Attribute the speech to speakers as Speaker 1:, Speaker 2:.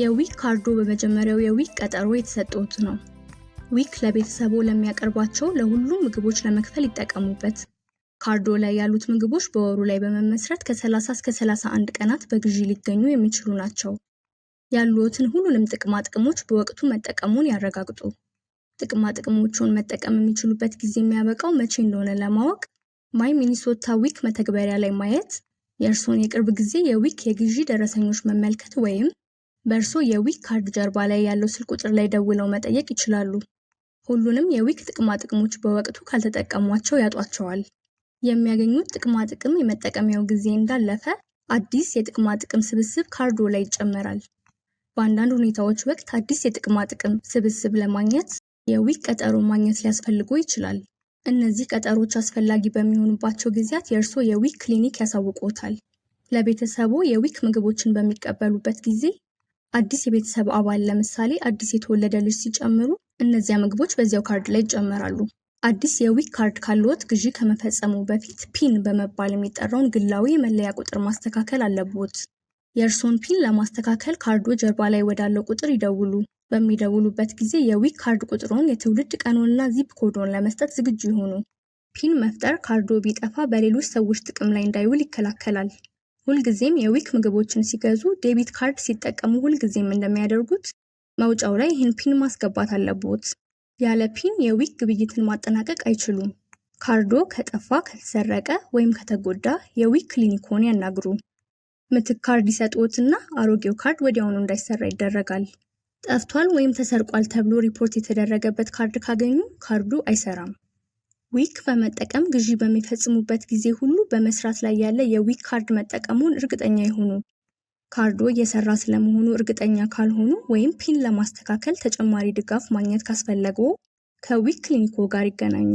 Speaker 1: የዊክ ካርዶ በመጀመሪያው የዊክ ቀጠሮ የተሰጠዎት ነው። ዊክ ለቤተሰቦ ለሚያቀርቧቸው ለሁሉም ምግቦች ለመክፈል ይጠቀሙበት። ካርዶ ላይ ያሉት ምግቦች በወሩ ላይ በመመስረት ከ30 እስከ 31 ቀናት በግዢ ሊገኙ የሚችሉ ናቸው። ያሉትን ሁሉንም ጥቅማ ጥቅሞች በወቅቱ መጠቀሙን ያረጋግጡ። ጥቅማ ጥቅሞቹን መጠቀም የሚችሉበት ጊዜ የሚያበቃው መቼ እንደሆነ ለማወቅ ማይ ሚኒሶታ ዊክ መተግበሪያ ላይ ማየት፣ የእርስዎን የቅርብ ጊዜ የዊክ የግዢ ደረሰኞች መመልከት ወይም በእርሶ የዊክ ካርድ ጀርባ ላይ ያለው ስልክ ቁጥር ላይ ደውለው መጠየቅ ይችላሉ። ሁሉንም የዊክ ጥቅማ ጥቅሞች በወቅቱ ካልተጠቀሟቸው ያጧቸዋል። የሚያገኙት ጥቅማ ጥቅም የመጠቀሚያው ጊዜ እንዳለፈ አዲስ የጥቅማ ጥቅም ስብስብ ካርዶ ላይ ይጨመራል። በአንዳንድ ሁኔታዎች ወቅት አዲስ የጥቅማ ጥቅም ስብስብ ለማግኘት የዊክ ቀጠሮ ማግኘት ሊያስፈልጎ ይችላል። እነዚህ ቀጠሮች አስፈላጊ በሚሆኑባቸው ጊዜያት የእርስዎ የዊክ ክሊኒክ ያሳውቆታል። ለቤተሰቡ የዊክ ምግቦችን በሚቀበሉበት ጊዜ አዲስ የቤተሰብ አባል ለምሳሌ አዲስ የተወለደ ልጅ ሲጨምሩ እነዚያ ምግቦች በዚያው ካርድ ላይ ይጨመራሉ። አዲስ የዊክ ካርድ ካለዎት ግዢ ከመፈጸሙ በፊት ፒን በመባል የሚጠራውን ግላዊ የመለያ ቁጥር ማስተካከል አለብዎት። የእርስዎን ፒን ለማስተካከል ካርዶ ጀርባ ላይ ወዳለው ቁጥር ይደውሉ። በሚደውሉበት ጊዜ የዊክ ካርድ ቁጥሮን፣ የትውልድ ቀኖንና ዚፕ ኮዶን ለመስጠት ዝግጁ ይሆኑ። ፒን መፍጠር ካርዶ ቢጠፋ በሌሎች ሰዎች ጥቅም ላይ እንዳይውል ይከላከላል። ሁልጊዜም የዊክ ምግቦችን ሲገዙ ዴቢት ካርድ ሲጠቀሙ ሁልጊዜም እንደሚያደርጉት መውጫው ላይ ይህን ፒን ማስገባት አለቦት። ያለ ፒን የዊክ ግብይትን ማጠናቀቅ አይችሉም። ካርዶ ከጠፋ፣ ከተሰረቀ ወይም ከተጎዳ የዊክ ክሊኒኮን ያናግሩ። ምትክ ካርድ ይሰጥዎትና አሮጌው ካርድ ወዲያውኑ እንዳይሰራ ይደረጋል። ጠፍቷል ወይም ተሰርቋል ተብሎ ሪፖርት የተደረገበት ካርድ ካገኙ ካርዱ አይሰራም። ዊክ በመጠቀም ግዢ በሚፈጽሙበት ጊዜ ሁሉ በመስራት ላይ ያለ የዊክ ካርድ መጠቀሙን እርግጠኛ ይሁኑ። ካርዶ እየሰራ ስለመሆኑ እርግጠኛ ካልሆኑ ወይም ፒን ለማስተካከል ተጨማሪ ድጋፍ ማግኘት ካስፈለጉ ከዊክ ክሊኒኮ ጋር ይገናኙ።